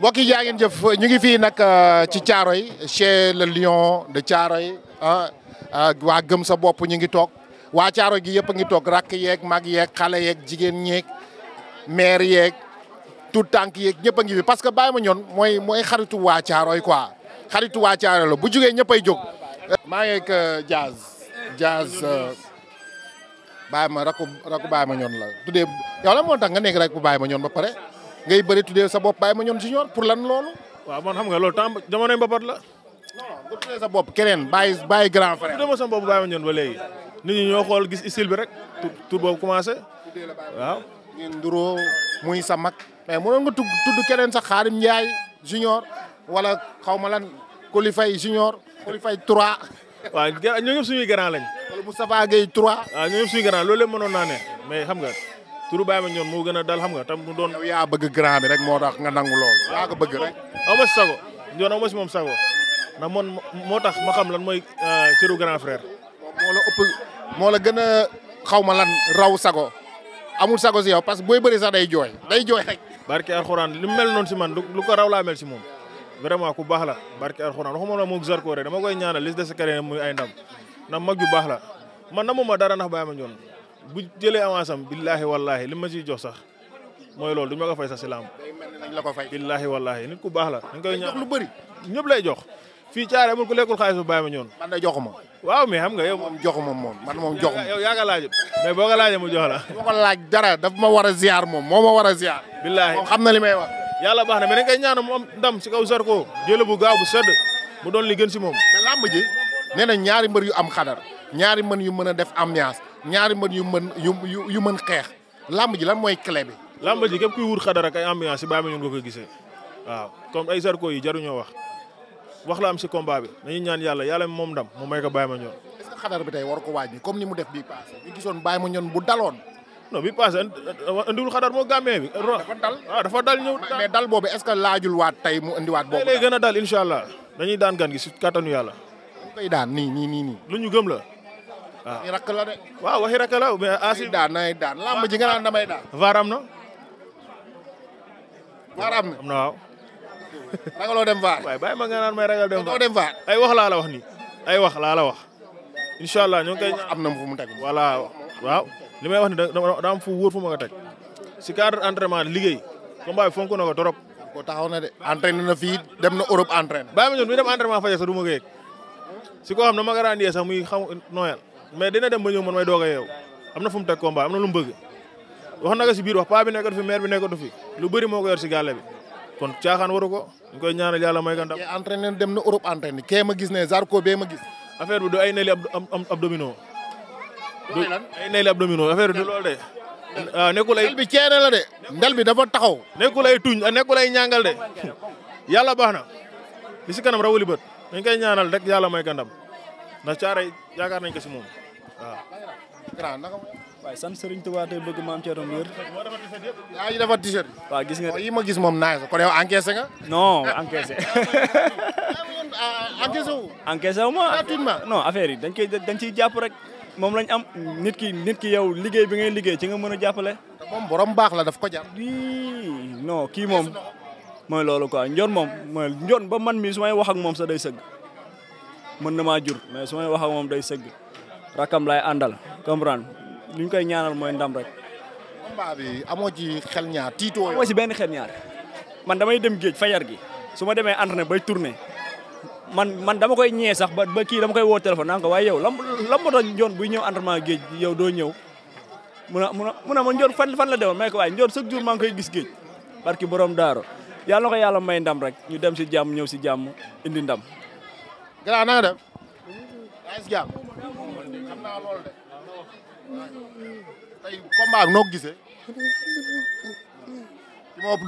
mbokk yi jaa ngeen jëf ñu ngi fii nag euh, ci Thiaroye chez la lion de Thiaroye ah, ah waa gëm sa bopp ñu ngi toog waa Thiaroye gi yëpp ngi toog rakk yeeg mag yeeg xale yeeg jigéen ñeeg maire yeeg tout tànk yeeg ñëpp ngi fi parce que bàyyi ma ñoon mooy mooy xaritu waa Thiaroye quoi xaritu waa Thiaroye la bu jugee ñëpp ay jóg. maa ngi ak Diaz euh, Diaz euh, bàyyi ma rakku rakku ma ñoon la tuddee yow la moo tax nga nekk rek bu bàyyi ma ñoon ba pare. ngay bëri tuddee sa bopp Baye Mandione junior pour lan loolu. waaw man xam nga loolu temps jamonoy mbapat la. non sa bopp keneen baay Baye grand frère. tuddee ma sama bopp Baye Mandione ba léegi nit ñi ñoo xool gis style bi rek tur boobu commencé waaw. ngeen muy sa mag mais mënoon nga tudd keneen sax Xaadim Ndiaye junior wala xawma ma lan Kolifay junior Kolifay 3. waaw ñoo ñëpp suñuy grand lañ. wala Moustapha Gueye 3. waaw ñoo ñëpp suñuy grand loolu lépp naa ne xam nga. turu Baye Mandione moo gën a dal xam nga tam mu doon. yow yaa bëgg grand rek moo tax nga nangu loolu. yaa ko bëgg rek aw ma si sago Ndiol aw ma si moom sago ndax man moo tax ma xam lan mooy euh, cëru grand frère. moo la ëpp la gën a xaw ma lan raw sago amul sago si yow parce que booy bëri sax day jooy day jooy rek. barke alxuraan li mu mel noonu si man lu ko raw laa mel si moom vraiment ku baax la barke alxuraan waxuma la moom Zarko rek dama koy ñaanal li des sa carrière muy ay ndam ndax mag ju baax la man namuma dara ndax Baye Mandione bu jëlee avance am billaahi wallaahi li ma ji jox sax mooy loolu du ma ko fay sax si làmb. billaahi wallaahi nit ku baax la. dañ koy ñaax lu bari ñëpp lay jox. fii caare amul ku lekkul xaalis bu bàyyi ma ñoon man jox joxuma waaw mais xam nga yow moom joxuma moom man moom joxuma yow yaa nga laaj mais boo ko laajee mu jox la boo ko dara daf ma war a ziar moom moo ma war a ziar billaahi xam na li may wax yàlla baax na mais dañ koy ñaanal mu am si kaw Zarko jël bu gaaw bu sedd mu doon li gën si moom mais làmb ji nee ñaari mbër yu am xadar ñaari mën yu mën a def ambiance ñaari mbër yu mën yu yu yu mën xeex lamb ji lan mooy clé bi. làmb ji képp kuy wur xadar ak ay ambiance yi bàyyi ma ñun nga koy gisee waaw comme ay Zarko yi jaruñoo wax wax la am si combat bi nañu ñaan yàlla yàlla moom ndam mu may ko baay ma ñoon est ce xadar bi tey war ko waaj comme ni mu def bii passé ñu gisoon bàyyi ma ñoon bu daloon. non bi passé indiwul uh, xadar moo gàmmee bi. dafa dal waaw ah, dafa boobe ñëw. mais dal que laajul waat tey mu indiwaat boobu. lay gën a dal allah dañuy daan gan gi si kattanu yàlla. dañ koy daan nii ñu gëm la waaw waxi rakk la de. waaw waxi rakk la mais Asi. Ah, daan nay daan lamb ji damay daan. vaar am na. am na am na waaw. ragaloo ma nga may ragal dem vaar ay wax laa la wax nii ay wax laala la wax. incha allah ñoo ngi koy am na fu mu teg. voilà waaw li may wax ni da fu wóor fu ma ko teg. si cadre entraînement liggéey. combat bi fonk ko trop. ko taxaw na de na fii dem na Europe entraîné. bàyyi ma ñun mi dem entraînement fajar sax du ma ko si koo xam ne ma nga daan yee mais dina dem ba ñëw man may doog yeew am na fu mu teg combat am na lu mu bëgg wax na ko si biir wax paa bi nekkatu fi maire bi nekkatu fi lu bëri moo ko yor si gàlle bi kon caaxaan waru ko ñu koy ñaanal yàlla may ko ndam. kee dem na Europe entraîné kee ma gis ne Zarko bee ma gis. affaire bi du ay neli ab ab ab domino. du ay neli ab domino affaire bi du loolu de. waaw ah, ay ndel bi ceene a de. ndel bi dafa taxaw. nekkul ay tuñ ah, nekkul ay ñàngal de yàlla baax na li si kanam raw bët dañ koy ñaanal rek yàlla may ko ndax caaray yaakaar nañ ko si moom waaw. grand naka waaye sant Serigne Touba tey bëgg maam Thierno Mbir. moo defar oh, yi ma gis moom naaj la kon yow encaissé nga. non wu. ma gratuitement. non affaire yi dañ koy dañ ciy jàpp rek moom lañ am nit ki nit ki yow liggéey bi ngay liggéey ci nga mën a jàppale. moom borom baax la daf ko jàpp. non kii moom mooy loolu quoi njoon moom mooy njoon ba man mii su may wax ak moom sax day sëgg. mën na maa jur mais su may wax ak moom day sëgg rakam lay àndal comprendre li ñu koy ñaanal mooy ndam rek. combat bi amoo ci xel ñaar tiitoo amoo ci benn xel ñaar man damay dem géej fajar gi su ma demee entraîné bay turne man man dama koy ñee sax ba ba kii dama koy woo téléphone naan waaye yow lan lan moo tax njoon bu ñëw entraînement géej yow doo ñëw mun a mun a mun a ma njoon fan fan la demoon may ko waaye njoon chaque jour maa ngi koy gis géej barki borom daaro yàlla na ko yàlla may ndam rek ñu dem si jàmm ñëw si jàmm indi ndam grand na nga def. yaa ngi si jàmm. xam naa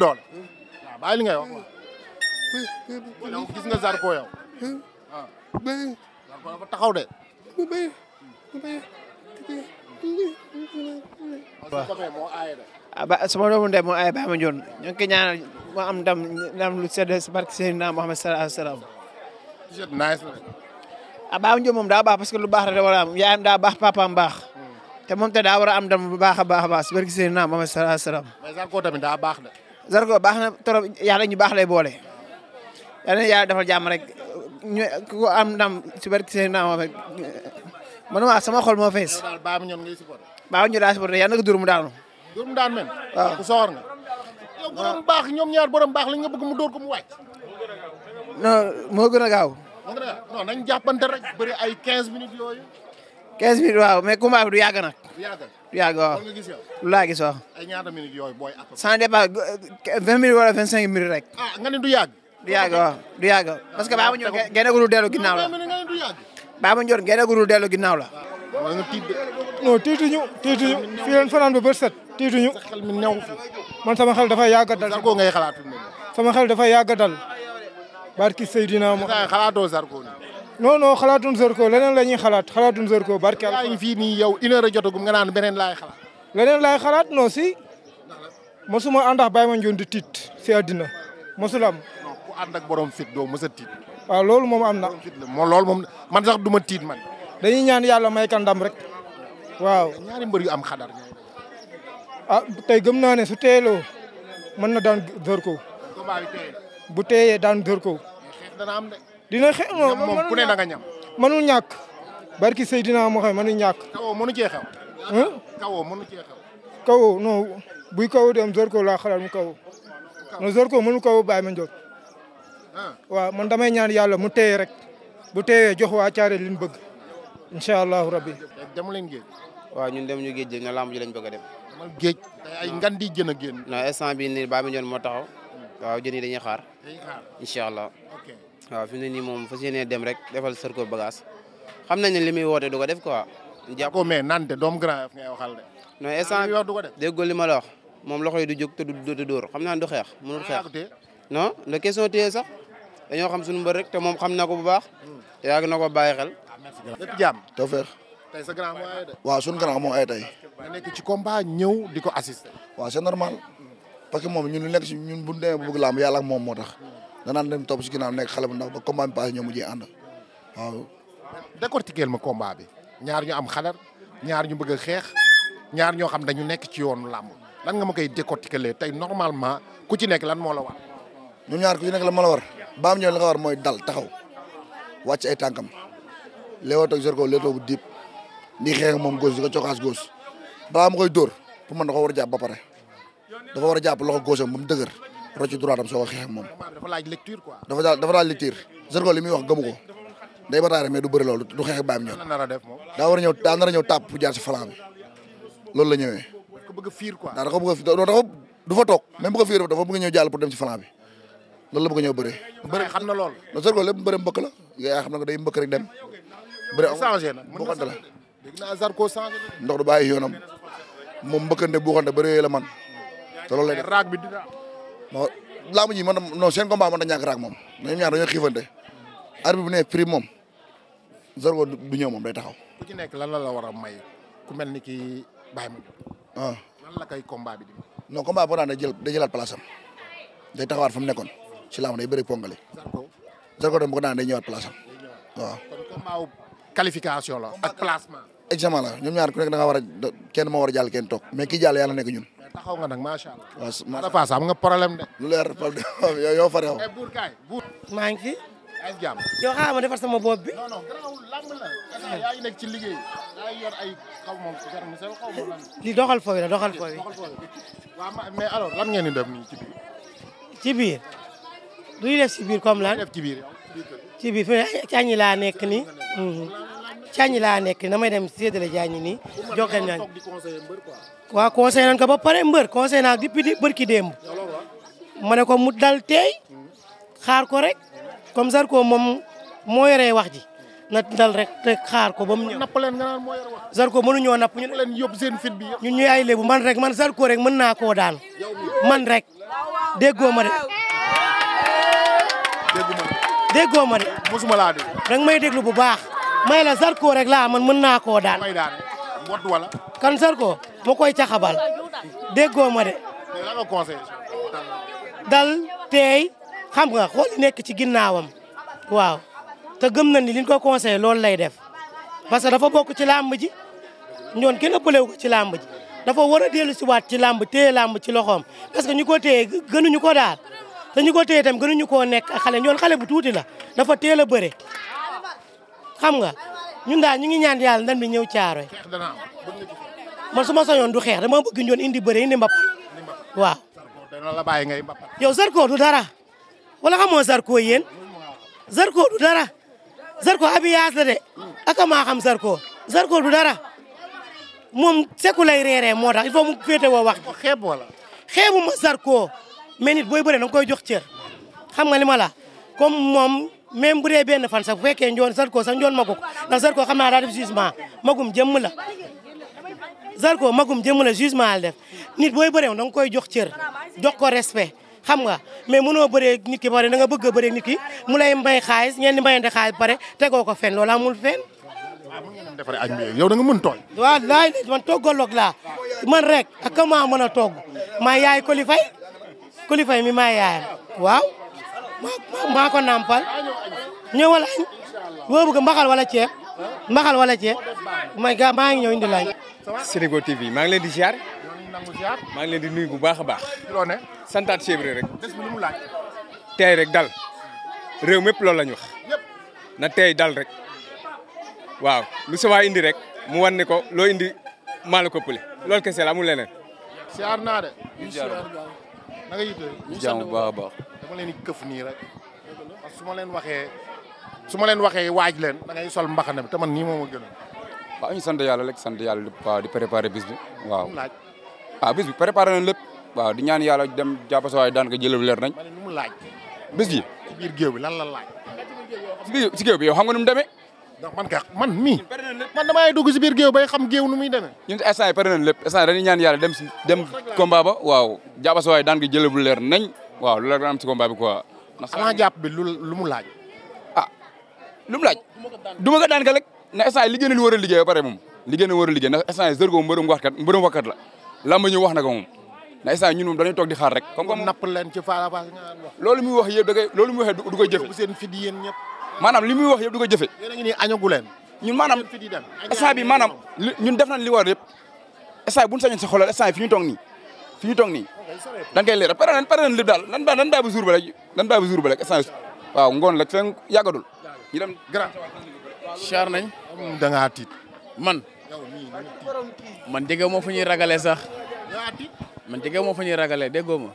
doole. waaw li nga Zarko yow. waaw. Zarko taxaw de. waaw ah, ba sama doomu joon ñu ngi koy ñaanal am ndam lu sedd barke Seydina Muhammad sallallahu alayhi wa t-shirt nice la ah baaw Ndiop moom daa baax parce lu baax la da war a am yaayam daa baax papaam baax. Hmm. te moom te daa war am dam bu baax a baax a baax barke Seydina Muhammad sallallahu alayhi a mais Zarko tamit daa baax de. Zarko baax na trop yàlla ñu baax lay boole. yal na yàlla defal jàmm rek ñu ku am si barke Seydina Muhammad man waa sama xol moo fees. yow daal baabu daa supporté yàlla na ko dóor mu daanu. dóor mu daan men. waaw ku soxor nga. yow borom baax ñoom ñaar borom baax lañ nga bëgg mu dóor ko mu wàcc. non moo gën a gaaw. non nañ jàppante rek bëri ay 15 minutes yooyu. 15 minutes waaw mais combat bi du yàgg nag. du yàgg du yàgg waaw. loolu nga gis yow lu laa gis waaw. ay ñaata minutes yooyu booy. sans départ 20 minutes wala 25 minutes rek. ah nga ne du yàgg. du yàgg waaw du yàgg parce que Baba Ndiol génnagul dellu ginnaaw la. Baba Ndiol ginnaaw la. waaw nga tiit de. non tiituñu tiituñu fii leen fanaan ba bët set tiituñu. man sama xel dafa yàgg dal. barki Seydina mo xalaatoo Zarko non non xalaatun Zarko leneen la ñuy xalaat xalaatun Zarko barki yaa ngi fii nii yow une heure a jotagum nga naan beneen laay xalaat leneen laay xalaat non si mosuma àndax bàyyi ma njoon di tiit si àddina mosul am ànd ak borom fit doo mos a loolu moom am na moo loolu moom man sax du ma tiit man dañuy ñaan yàlla may ka ndam rek waaw ñaari mbër yu am xadar ah tey gëm naa ne su teeloo mën na daan Zarko bu teeyee daan dóor ko. dana am dina xeex moom moom ku ne da nga ñam. mënul ñàkk barki Seydina Mohamed mënul ñàkk. kawoo mënu cee xew. kawoo mënu cee xew. kawoo buy kawoo dem dóor ko laa xalaat mu kawoo. no dóor ko mënu kawoo bàyyi ma njool. waaw man damay ñaan yàlla mu teeye rek bu teeyee jox waa caare li ñu bëgg incha allahu rabbi. dem leen géej. waaw ñun dem ñu géej jéeg na lamb ji lañ bëgg a dem. géej ay ngan di jën génn. non instant bii nii bàyyi ma moo taxaw hmm. waaw jën yi dañuy xaar. incha allah waaw fi mu ne nii moom fas yéenee dem rek defal Zarko bagage xam nañ ne li woote du ko def quoi. jàpp ko mais doom doomu Grand Yoff ngay waxal de. non instant bi du ko li ma la wax moom loxo yi du jóg te du dóor xam naa du xeex mënul xeex. non la question téye sax dañoo xam suñu mbër rek te moom xam na ko bu baax. te hmm. yàgg na ko bàyyi xel. Ah, lépp jàmm tawfeex. tey sa grand moo ay de. waaw sunu grand moo ci combat ñëw di ko assister. waaw c'est normal. parce que moom ñun lu nekk si ñun bu ñu demee ba bëgg làmb yàlla moom moo tax danaan dem topp si ginnaaw nekk xale bu ndax ba combat bi passé ñoo mujjee ànd waaw. décortiquer ma combat bi ñaar ñu am xadar ñaar ñu bëgg xeex ñaar ñoo xam dañu nekk ci yoonu làmb lan nga ma koy décortiquer tey normalement ku ci nekk lan moo la war. ñoom ñaar ku ci nekk la moo la war baam ñoom li nga war mooy dal taxaw wàcc ay tànkam léewaat ak Zarko léetoo bu diib di xeex moom góos di ko coxaas góos balaa koy dóor pour man da ko war a ba pare. dafa war a jàpp loxo gauche am ba mu dëgër rocci droit am soo ko xeex moom. dafa laaj lecture quoi. li muy wax gëmu ko ba bataare mais du bëri loolu du xeex ak bàyyi ñoom. daa war a ñëw daa nar a ñëw jaar si flanc bi la ñëwee. dafa bëgg a fiir quoi. daa dafa bëgg a fiir dafa du fa toog même bu ko fiir dafa bëgg ñëw jàll pour dem si flanc bi la bëgg ñëw bëree. bëri xam na loolu. Zarko lépp bëri mbëkk la yaa xam na ko day mbëkk rek dem. bëri amul buuxante la. dégg naa Zarko changé ndox du bàyyi yoonam moom mbëkkante buuxante bëri yooyu man te loolu lay def bi dina non laamu ji man non seen combat man da ñàkk moom ñoom ñaar dañoo xiifante arbitre bu ne prix moom Zarko du ñëw moom day taxaw. ku ci nekk lan la la war a may ku mel ni ki Baye Mandione. ah lan la koy combat bi di non combat jël day jëlaat place am day taxawaat fu mu nekkoon si laamu day bëri pongale. Zarko Zarko dem bu naa daan day ñëwaat place am la ak placement. examen la ñoom ñaar ku nekk da nga war a kenn moo war a jàll kenn toog mais ki jàll yàlla nekk ñun. taxaw nga nag macha allah. waaw ma dafa am nga problème de. lu leer problème yow yow fa réew. Eh, buur kaay buur. maa ngi fi. ay ma defar sama bopp bi. non non garaawul lamb la. yaa ngi nekk ci liggéey. yaa lan. li doxal fooy la doxal fooy. doxal mais alors lan ci biir. ci biir. lu ñuy ci biir comme nekk nii. caañ laa nekk damay dem séddale jaañ nii. joxe nañ waaw conseil nañ ko ba pare mbër conseil naa depuis di bërki démb. ma ne ko mu dal teey xaar ko rek comme Zarko moom moo yoree wax ji na dal rek xaar ko ba mu ñëw. napp leen nga naan moo napp ñu leen yóbbu seen fit bi ñun ñuy ay lébu man rek man Zarko rek mën naa koo daan man rek déggoo ma de. déggoo ma de. mosuma laa dégg. danga bu baax. may la Zarko rek laa man mën naa koo daan. mbot wala. kan Zarko ma koy caxabal déggoo ma de. dal teey xam nga xool nekk ci ginnaawam waaw te gëm na ni liñ ko conseillé loolu lay def parce que dafa bokk ci làmb ji ñoon kenn ëppalewu ko ci làmb ji dafa war a dellu si waat ci làmb téye làmb ci loxoom parce que ñu ko téye gënuñu ko daal te ñu ko tam gënu gënuñu koo nekk xale ñoon xale bu tuuti la dafa teel a bëre xam nga ñun daal ñu ngi ñaan yàlla ndam bi ñëw caaroy man su ma sañoon du xeex dama bëgg ñoon indi bëre indi mbapat waaw. yow Zarko du dara wala xamoo Zarko yéen Zarko du dara Zarko abiyaas la de aka maa xam Zarko Zarko du dara moom seku lay reeree moo tax il faut mu féete woo wax xeeb ma Zarko mais nit booy bëre danga koy jox cër xam nga li ma moom même bu dee benn fan sax bu fekkee njoon Zarko sax njoon magu ko ndax Zarko xam naa daa def jugement magum jëmm la Zarko magum jëmm la jugement la nit booy bëreew da nga koy jox cër jox ko respect xam nga mais noo bëree nit ki pare da nga bëgg a bëree nit ki mu lay mbay xaalis ñeen di mbayante xaalis pare tegoo ko fen loolu amul fen ah, defaree añ bi yow da nga mën tooñ waaw laay man toggaloog laa man rek ak mën a togg maa yaay Coly Faye Coly Faye mi maa yaayam waaw maa ko nàmpal ñëwal añ boo bëgg mbaxal wala ceeb mbaxal wala ceeb may ga maa ngi ñëw indi lañ Senego TV maa ngi leen di ziar maa ngi leen di nuyu bu baax a baax santaat chebre rek tey rek dal réew mépp loolu lañ wax na tey dal rek waaw lu sawaa indi rek mu wan ko loo indi maa la ko pële loolu kese la amul leneen ziar naa de ñu ziar na dama leen di këf nii rek parce su ma leen waxee su leen waxee waaj leen da ngay sol mbaxana bi te man ni moom a gënal waaw ñu sant yàlla rek sant yàlla waaw di préparer bis bi waaw ah bis bi préparé nañ lépp waaw di ñaan yàlla dem jàpp sa waay daan ko jëlal leer nañ mu laaj bis bi ci biir la laaj si géew bi yow xam nga nu mu demee ndax man ka man mii man damay dugg si biir géew bay xam géew nu muy demee ñun instant yi pare nañ lépp instant yi dañuy ñaan yàlla dem si waaw jàpp sa waay daan ko jëlal leer nañ waaw loolu la daan am ci combat bi quoi. ndax avant bi lu mu laaj. a ah, lu mu laaj. du ma ko daan ka rek na instant yii liggéey na lu war a liggéey ba pare moom. liggéey na war a liggéey ndax instant yii Zarko mbërëm waxkat mbërëm waxkat la lamba ñu wax na ko na instant ñun moom dañuy toog di xaar rek. comme comme napp leen ci faala faala nga wax. loolu muy wax yëpp du ko jëfe. seen fit yéen wax yëpp du ko leen. ñun maanaam instant bi maanaam ñun def nañ li war yëpp instant bu ñu sañoon si fi ñu toog ni fi ñu toog nii dañ koy leeral pare nañ pare nañ daal nan baa nan baa bu jour ba rek nan baa bu ba rek essence waaw ngoon la fen yàggadul ñu dem grand char nañ da tiit man man jege moo fu ñuy ragalee sax man jege moo fu ñuy ragalee déggoo ma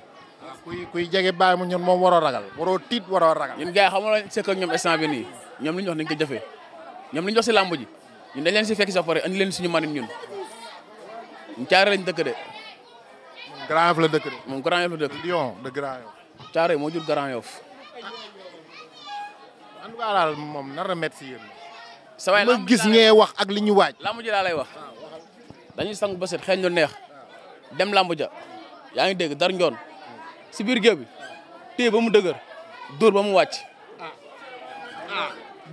ah, kuy kuy jege bàyyi mu ñun moom waroo ragal waroo tiit waroo ragal ñun gars yi xamuloo sëkk ñoom instant bi nii ñoom li ñu wax nañ ko jëfee ñoom li ñu wax si làmb ji ñun dañ si fekki sa pare andi leen suñu manin ñun ñu caare lañ dëkk de Grand Yoff la dëkk de. moom Grand Yoff la dëkk. Lion de Grand Yoff. Thiaroye moo jur Grand Yoff. en tout cas daal moom nar na gis ngee wax ak li ñu waaj. lamb ji laa lay wax. dañuy sang ba set xeeñ lu neex. dem lamb ja yaa ngi dégg dar njoon si biir géew bi ba mu dëgër dóor ba mu wàcc.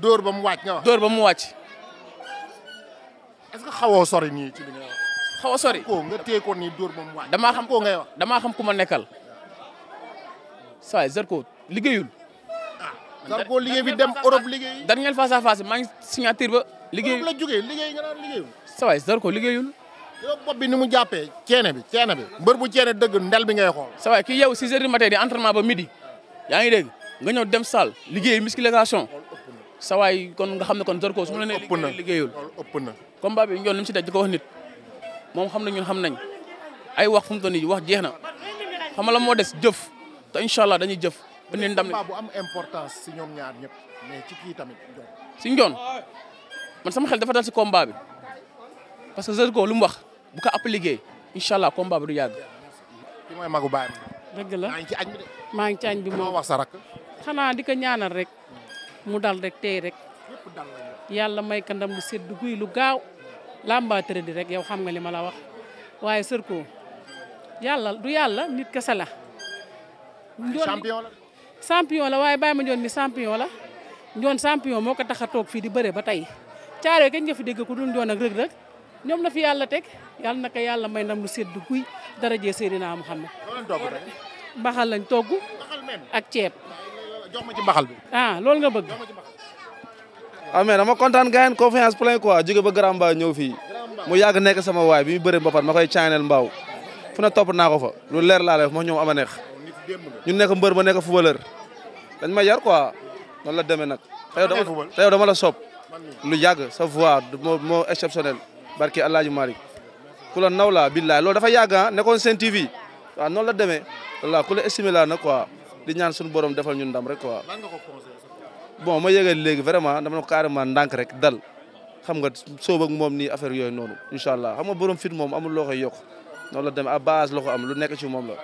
dóor ba mu wàcc nga dóor ba mu wàcc. est-ce que xawoo xaw a sori. nga téye ko nii dóor moom waay. damaa xam koo ngay wax damaa xam ku ma nekkal. saa yi Zarko liggéeyul. Ah, Zarko liggéey bi dem Europe liggéey. dañu ngeen face à face maa ngi signature ba. liggéey la jógee liggéey nga naan liggéeyul. saa waay Zarko liggéeyul. yow bopp bi ni mu jàppee ceene bi ceene bi. mbër bu ceene dëgg ndel bi ngay xool. saa waay kii yow six heures di entraînement ba midi. yaa ngi dégg nga ñëw dem salle liggéey musculation. saa waay kon nga xam ne kon Zarko su ma la nee liggéeyul ëpp na combat bi mu si daj di wax nit moom xam na ñun xam nañ ay wax fu mu toll nii wax jeex na xam la moo des jëf te incha allah dañuy jëf. ba leen ndam bu am importance si ñoom ñaar ñëpp mais ci kii tamit. si njoon man sama xel dafa dal si combat bi parce que Zarko lu mu wax bu ko appliqué incha allah du yàgg. ki mooy magu baay dëgg la maa ngi ci bi de. maa ngi ci añ bi moo wax sa rak. xanaa di ko ñaanal rek mu dal rek tey rek. yàlla may ka ndam sedd guy lu gaaw. làmbaa tërëdi rek yow xam nga li ma la wax waaye Zarko yàlla du yàlla nit kese la. champion la champion la waaye Baye Mandione mi champion la. Ndione champion moo ko tax a toog fii di bëree ba tey caaree kañ nga fi dégg ku dul Ndione ak Reug Reug ñoom la fi yàlla teg yàlla na ko yàlla may ndam lu seddu guy dara jee Seydina xam mbaxal lañ togg. ak ceeb. jox ah, nga bëgg. waaw na ma kontaan gars yi confiance plein quoi jóge ba grand mbaaw ñëw fii mu yàgg nekk sama waay bi mu bëri mbapat ma koy caaneel mbaaw fu na topp naa ko fa lu leer laa lay wax moom ama neex ñu nekk mbër ma nekk footballeur dañ ma yar quoi noonu la demee nag te yow dama la sopp lu yàgg sa voix moo moo exceptionnel a Alaaji Malick ku la naw laa billaay loolu dafa yàgg ah nekkoon seen TV waaw noonu la demee walla ku la estimé laa nag quoi di ñaan suñu borom defal ñun ndam rek quoi bon ma yëgal léegi vraiment na ne ko carrément ndànk rek dal xam nga sóob ak moom nii affaire yooyu noonu incha allah xam nga borom fit moom amul loo koy yokk noonu la demee à base la ko am lu nekk ci moom la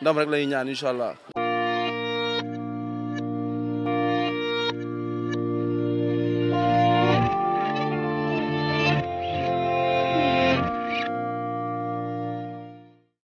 ndam rek lay ñaan incha allah.